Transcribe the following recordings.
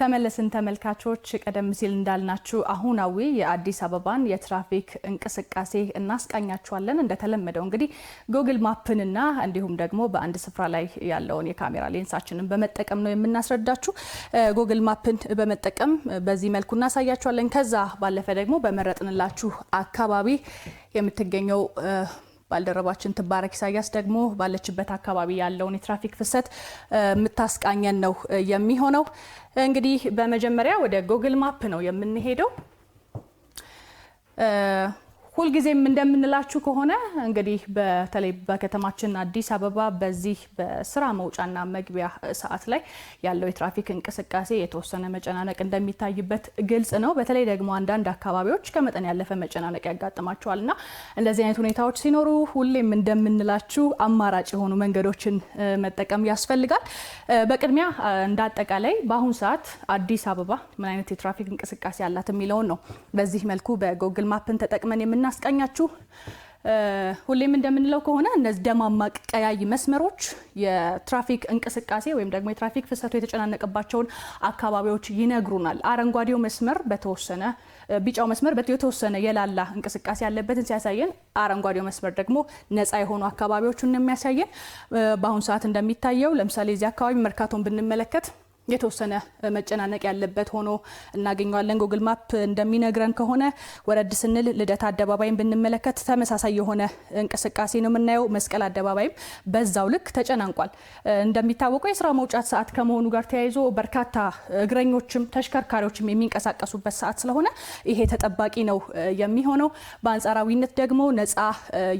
ተመለስን ተመልካቾች፣ ቀደም ሲል እንዳልናችሁ አሁናዊ የአዲስ አበባን የትራፊክ እንቅስቃሴ እናስቃኛችኋለን። እንደተለመደው እንግዲህ ጉግል ማፕንና እንዲሁም ደግሞ በአንድ ስፍራ ላይ ያለውን የካሜራ ሌንሳችንን በመጠቀም ነው የምናስረዳችሁ። ጉግል ማፕን በመጠቀም በዚህ መልኩ እናሳያችኋለን። ከዛ ባለፈ ደግሞ በመረጥንላችሁ አካባቢ የምትገኘው ባልደረባችን ትባረክ ኢሳያስ ደግሞ ባለችበት አካባቢ ያለውን የትራፊክ ፍሰት የምታስቃኘን ነው የሚሆነው። እንግዲህ በመጀመሪያ ወደ ጎግል ማፕ ነው የምንሄደው። ሁልጊዜም እንደምንላችሁ ከሆነ እንግዲህ በተለይ በከተማችን አዲስ አበባ በዚህ በስራ መውጫና መግቢያ ሰዓት ላይ ያለው የትራፊክ እንቅስቃሴ የተወሰነ መጨናነቅ እንደሚታይበት ግልጽ ነው። በተለይ ደግሞ አንዳንድ አካባቢዎች ከመጠን ያለፈ መጨናነቅ ያጋጥማቸዋል እና እንደዚህ አይነት ሁኔታዎች ሲኖሩ ሁሌም እንደምንላችሁ አማራጭ የሆኑ መንገዶችን መጠቀም ያስፈልጋል። በቅድሚያ እንደ አጠቃላይ በአሁኑ ሰዓት አዲስ አበባ ምን አይነት የትራፊክ እንቅስቃሴ አላት የሚለውን ነው በዚህ መልኩ በጎግል ማፕን ተጠቅመን የምና የምናስቀኛችሁ ሁሌም እንደምንለው ከሆነ እነዚህ ደማማቅ ቀያይ መስመሮች የትራፊክ እንቅስቃሴ ወይም ደግሞ የትራፊክ ፍሰቱ የተጨናነቀባቸውን አካባቢዎች ይነግሩናል። አረንጓዴው መስመር በተወሰነ ቢጫው መስመር የተወሰነ የላላ እንቅስቃሴ ያለበትን ሲያሳየን፣ አረንጓዴው መስመር ደግሞ ነፃ የሆኑ አካባቢዎቹን የሚያሳየን። በአሁኑ ሰዓት እንደሚታየው ለምሳሌ እዚህ አካባቢ መርካቶን ብንመለከት የተወሰነ መጨናነቅ ያለበት ሆኖ እናገኘዋለን። ጉግል ማፕ እንደሚነግረን ከሆነ ወረድ ስንል ልደት አደባባይን ብንመለከት ተመሳሳይ የሆነ እንቅስቃሴ ነው የምናየው። መስቀል አደባባይም በዛው ልክ ተጨናንቋል። እንደሚታወቀው የስራ መውጫት ሰዓት ከመሆኑ ጋር ተያይዞ በርካታ እግረኞችም ተሽከርካሪዎችም የሚንቀሳቀሱበት ሰዓት ስለሆነ ይሄ ተጠባቂ ነው የሚሆነው። በአንጻራዊነት ደግሞ ነፃ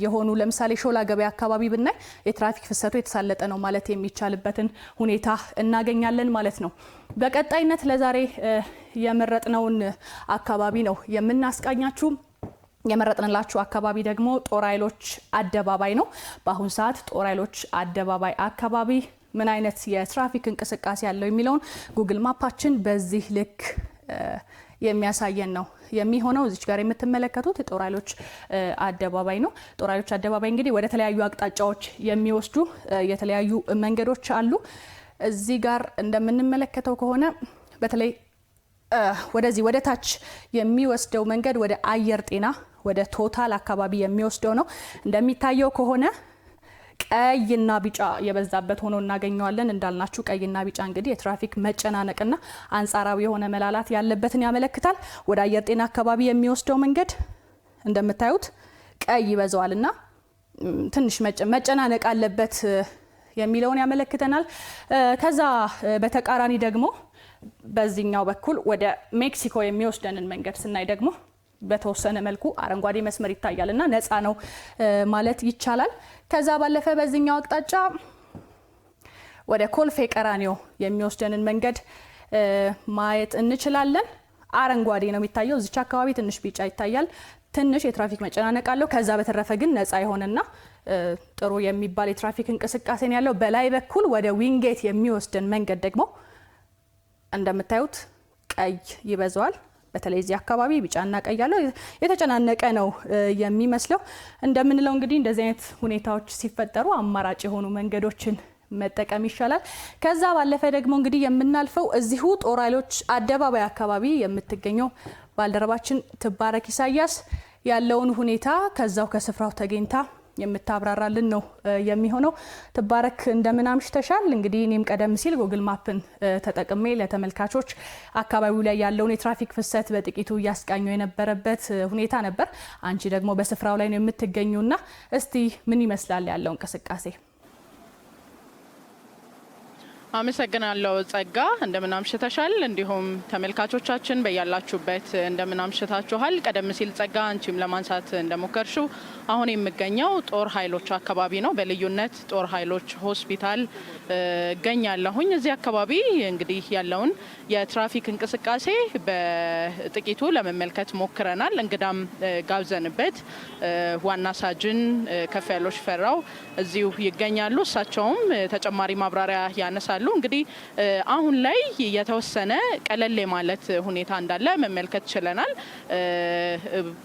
የሆኑ ለምሳሌ ሾላ ገበያ አካባቢ ብናይ የትራፊክ ፍሰቱ የተሳለጠ ነው ማለት የሚቻልበትን ሁኔታ እናገኛለን ማለት ማለት ነው። በቀጣይነት ለዛሬ የመረጥነውን አካባቢ ነው የምናስቃኛችሁ። የመረጥንላችሁ አካባቢ ደግሞ ጦር ኃይሎች አደባባይ ነው። በአሁን ሰዓት ጦር ኃይሎች አደባባይ አካባቢ ምን አይነት የትራፊክ እንቅስቃሴ ያለው የሚለውን ጉግል ማፓችን በዚህ ልክ የሚያሳየን ነው የሚሆነው። እዚች ጋር የምትመለከቱት የጦር ኃይሎች አደባባይ ነው። ጦር ኃይሎች አደባባይ እንግዲህ ወደ ተለያዩ አቅጣጫዎች የሚወስዱ የተለያዩ መንገዶች አሉ። እዚህ ጋር እንደምንመለከተው ከሆነ በተለይ ወደዚህ ወደ ታች የሚወስደው መንገድ ወደ አየር ጤና ወደ ቶታል አካባቢ የሚወስደው ነው። እንደሚታየው ከሆነ ቀይና ቢጫ የበዛበት ሆኖ እናገኘዋለን። እንዳልናችሁ ቀይና ቢጫ እንግዲህ የትራፊክ መጨናነቅና አንጻራዊ የሆነ መላላት ያለበትን ያመለክታል። ወደ አየር ጤና አካባቢ የሚወስደው መንገድ እንደምታዩት ቀይ ይበዛዋልና ትንሽ መጨናነቅ አለበት የሚለውን ያመለክተናል። ከዛ በተቃራኒ ደግሞ በዚህኛው በኩል ወደ ሜክሲኮ የሚወስደንን መንገድ ስናይ ደግሞ በተወሰነ መልኩ አረንጓዴ መስመር ይታያል እና ነፃ ነው ማለት ይቻላል። ከዛ ባለፈ በዚህኛው አቅጣጫ ወደ ኮልፌ ቀራኒዮ የሚወስደንን መንገድ ማየት እንችላለን። አረንጓዴ ነው የሚታየው። እዚች አካባቢ ትንሽ ቢጫ ይታያል። ትንሽ የትራፊክ መጨናነቅ አለው። ከዛ በተረፈ ግን ነጻ የሆነና ጥሩ የሚባል የትራፊክ እንቅስቃሴን ያለው በላይ በኩል ወደ ዊንጌት የሚወስድን መንገድ ደግሞ እንደምታዩት ቀይ ይበዛዋል። በተለይ እዚህ አካባቢ ቢጫና ቀይ ያለው የተጨናነቀ ነው የሚመስለው። እንደምንለው እንግዲህ እንደዚህ አይነት ሁኔታዎች ሲፈጠሩ አማራጭ የሆኑ መንገዶችን መጠቀም ይሻላል። ከዛ ባለፈ ደግሞ እንግዲህ የምናልፈው እዚሁ ጦር ኃይሎች አደባባይ አካባቢ የምትገኘው ባልደረባችን ትባረክ ኢሳያስ ያለውን ሁኔታ ከዛው ከስፍራው ተገኝታ የምታብራራልን ነው የሚሆነው። ትባረክ እንደምን አምሽተሻል? እንግዲህ እኔም ቀደም ሲል ጉግል ማፕን ተጠቅሜ ለተመልካቾች አካባቢው ላይ ያለውን የትራፊክ ፍሰት በጥቂቱ እያስቃኘው የነበረበት ሁኔታ ነበር። አንቺ ደግሞ በስፍራው ላይ ነው የምትገኙና እስቲ ምን ይመስላል ያለው እንቅስቃሴ? አመሰግናለሁ ጸጋ። እንደምን አምሽተሻል? እንዲሁም ተመልካቾቻችን በያላችሁበት እንደምን ቀደም ሲል ጸጋ አንቺም ለማንሳት እንደሞከርሽው አሁን የምገኘው ጦር ኃይሎች አካባቢ ነው። በልዩነት ጦር ኃይሎች ሆስፒታል እገኛለሁኝ። እዚህ አካባቢ እንግዲህ ያለውን የትራፊክ እንቅስቃሴ በጥቂቱ ለመመልከት ሞክረናል። እንግዳም ጋብዘንበት ዋና ሳጅን ከፍ ያለው ሽፈራው እዚሁ ይገኛሉ። እሳቸውም ተጨማሪ ማብራሪያ ያነሳሉ። እንግዲህ አሁን ላይ የተወሰነ ቀለል ማለት ሁኔታ እንዳለ መመልከት ችለናል።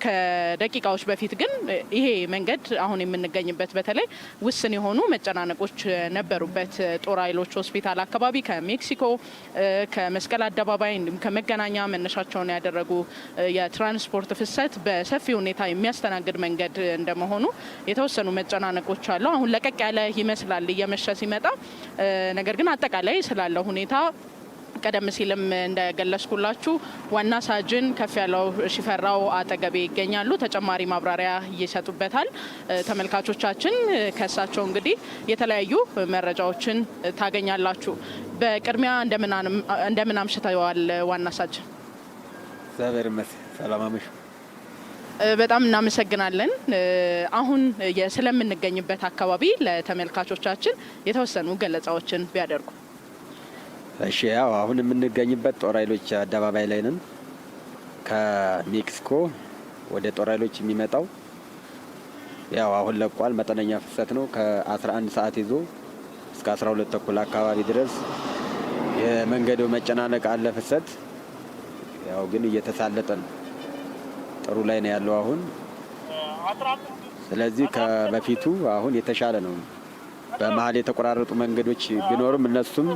ከደቂቃዎች በፊት ግን ይሄ መንገድ አሁን የምንገኝበት በተለይ ውስን የሆኑ መጨናነቆች ነበሩበት። ጦር ኃይሎች ሆስፒታል አካባቢ ከሜክሲኮ ከመስቀል አደባባይ እንዲሁም ከመገናኛ መነሻቸውን ያደረጉ የትራንስፖርት ፍሰት በሰፊ ሁኔታ የሚያስተናግድ መንገድ እንደመሆኑ የተወሰኑ መጨናነቆች አሉ። አሁን ለቀቅ ያለ ይመስላል እየመሸ ሲመጣ። ነገር ግን አጠቃላይ ስላለው ሁኔታ ቀደም ሲልም እንደገለጽኩላችሁ ዋና ሳጅን ከፍ ያለው ሽፈራው አጠገቤ ይገኛሉ። ተጨማሪ ማብራሪያ ይሰጡበታል። ተመልካቾቻችን ከእሳቸው እንግዲህ የተለያዩ መረጃዎችን ታገኛላችሁ። በቅድሚያ እንደምን አምሽተዋል ዋና ሳጅን? እግዚአብሔር ይመስገን ሰላም አመሹ። በጣም እናመሰግናለን። አሁን ስለምንገኝበት አካባቢ ለተመልካቾቻችን የተወሰኑ ገለጻዎችን ቢያደርጉ እሺ ያው አሁን የምንገኝበት ጦር ኃይሎች አደባባይ ላይ ነን። ከሜክሲኮ ወደ ጦር ኃይሎች የሚመጣው ያው አሁን ለቋል። መጠነኛ ፍሰት ነው። ከ11 ሰዓት ይዞ እስከ 12 ተኩል አካባቢ ድረስ የመንገዱ መጨናነቅ አለ ፍሰት። ያው ግን እየተሳለጠ ነው። ጥሩ ላይ ነው ያለው አሁን። ስለዚህ ከበፊቱ አሁን የተሻለ ነው። በመሀል የተቆራረጡ መንገዶች ቢኖሩም እነሱም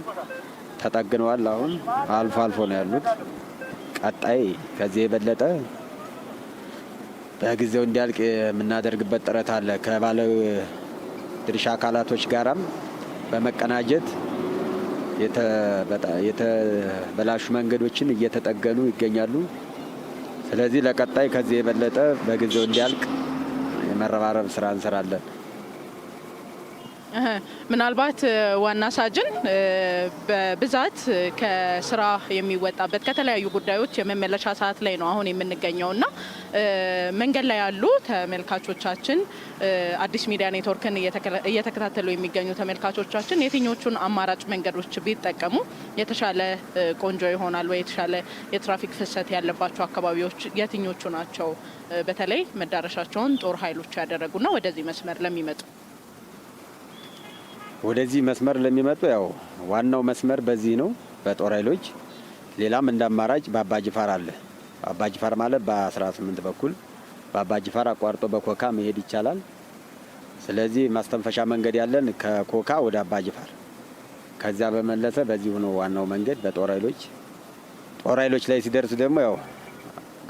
ተጠግነዋል። አሁን አልፎ አልፎ ነው ያሉት። ቀጣይ ከዚህ የበለጠ በጊዜው እንዲያልቅ የምናደርግበት ጥረት አለ። ከባለ ድርሻ አካላቶች ጋራም በመቀናጀት የተበላሹ መንገዶችን እየተጠገኑ ይገኛሉ። ስለዚህ ለቀጣይ ከዚህ የበለጠ በጊዜው እንዲያልቅ የመረባረብ ስራ እንሰራለን። ምናልባት ዋና ሳጅን በብዛት ከስራ የሚወጣበት ከተለያዩ ጉዳዮች የመመለሻ ሰዓት ላይ ነው አሁን የምንገኘው እና መንገድ ላይ ያሉ ተመልካቾቻችን አዲስ ሚዲያ ኔትወርክን እየተከታተሉ የሚገኙ ተመልካቾቻችን የትኞቹን አማራጭ መንገዶች ቢጠቀሙ የተሻለ ቆንጆ ይሆናል ወይ የተሻለ የትራፊክ ፍሰት ያለባቸው አካባቢዎች የትኞቹ ናቸው? በተለይ መዳረሻቸውን ጦር ኃይሎች ያደረጉና ወደዚህ መስመር ለሚመጡ ወደዚህ መስመር ለሚመጡ ያው ዋናው መስመር በዚህ ነው፣ በጦር ኃይሎች ሌላም እንደ አማራጭ በአባጅፋር አለ። በአባጅፋር ማለት በ18 በኩል በአባጅፋር አቋርጦ በኮካ መሄድ ይቻላል። ስለዚህ ማስተንፈሻ መንገድ ያለን ከኮካ ወደ አባጅፋር ከዚያ በመለሰ በዚሁ ነው ዋናው መንገድ በጦር ኃይሎች። ጦር ኃይሎች ላይ ሲደርስ ደግሞ ያው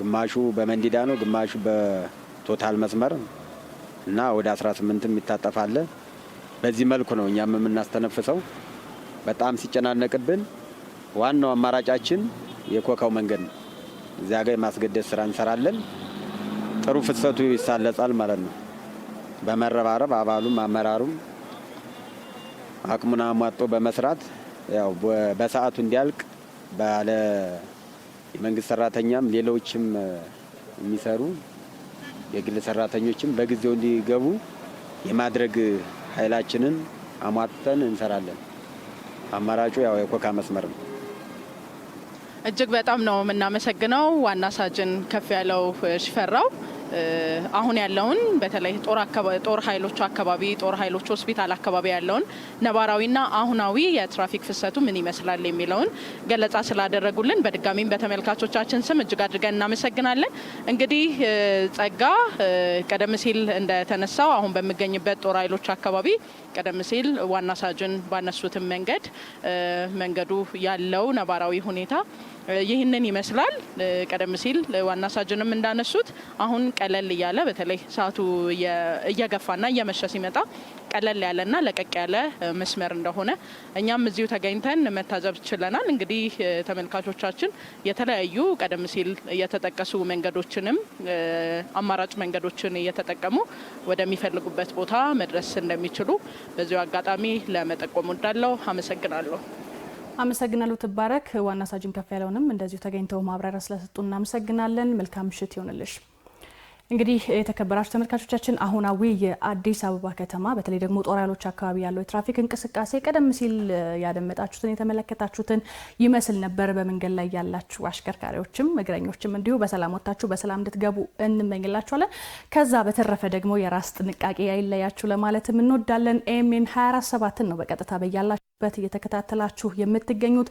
ግማሹ በመንዲዳ ነው፣ ግማሹ በቶታል መስመር እና ወደ 18 የሚታጠፋለን። በዚህ መልኩ ነው እኛም የምናስተነፍሰው። በጣም ሲጨናነቅብን ዋናው አማራጫችን የኮካው መንገድ ነው። እዚያ ጋር የማስገደድ ስራ እንሰራለን። ጥሩ ፍሰቱ ይሳለጻል ማለት ነው። በመረባረብ አባሉም አመራሩም አቅሙን አሟጦ በመስራት ያው በሰዓቱ እንዲያልቅ ባለ የመንግስት ሰራተኛም ሌሎችም የሚሰሩ የግል ሰራተኞችም በጊዜው እንዲገቡ የማድረግ ኃይላችንን አሟጥተን እንሰራለን። አማራጩ ያው የኮካ መስመር ነው። እጅግ በጣም ነው የምናመሰግነው ዋና ሳጅን ከፍ ያለው ሽፈራው አሁን ያለውን በተለይ ጦር ኃይሎች አካባቢ ጦር ኃይሎች ሆስፒታል አካባቢ ያለውን ነባራዊና አሁናዊ የትራፊክ ፍሰቱ ምን ይመስላል የሚለውን ገለጻ ስላደረጉልን በድጋሚም በተመልካቾቻችን ስም እጅግ አድርገን እናመሰግናለን። እንግዲህ ጸጋ፣ ቀደም ሲል እንደተነሳው አሁን በሚገኝበት ጦር ኃይሎች አካባቢ ቀደም ሲል ዋና ሳጅን ባነሱትን መንገድ መንገዱ ያለው ነባራዊ ሁኔታ ይህንን ይመስላል። ቀደም ሲል ዋና ሳጅንም እንዳነሱት አሁን ቀለል እያለ በተለይ ሰዓቱ እየገፋና እየመሸ ሲመጣ ቀለል ያለና ለቀቅ ያለ መስመር እንደሆነ እኛም እዚሁ ተገኝተን መታዘብ ችለናል። እንግዲህ ተመልካቾቻችን የተለያዩ ቀደም ሲል የተጠቀሱ መንገዶችንም አማራጭ መንገዶችን እየተጠቀሙ ወደሚፈልጉበት ቦታ መድረስ እንደሚችሉ በዚሁ አጋጣሚ ለመጠቆም ወዳለው አመሰግናለሁ። አመሰግናለሁ ትባረክ። ዋና ሳጅን ከፍ ያለውንም እንደዚሁ ተገኝተው ማብራሪያ ስለሰጡ እናመሰግናለን። መልካም ምሽት ይሆንልሽ። እንግዲህ የተከበራችሁ ተመልካቾቻችን አሁናዊ የአዲስ አበባ ከተማ በተለይ ደግሞ ጦር ኃይሎች አካባቢ ያለው የትራፊክ እንቅስቃሴ ቀደም ሲል ያደመጣችሁትን የተመለከታችሁትን ይመስል ነበር። በመንገድ ላይ ያላችሁ አሽከርካሪዎችም እግረኞችም እንዲሁ በሰላም ወጥታችሁ በሰላም እንድትገቡ እንመኝላችኋለን። ከዛ በተረፈ ደግሞ የራስ ጥንቃቄ አይለያችሁ ለማለትም እንወዳለን። ኤኤምኤን 24 7 ነው በቀጥታ በያላችሁበት እየተከታተላችሁ የምትገኙት።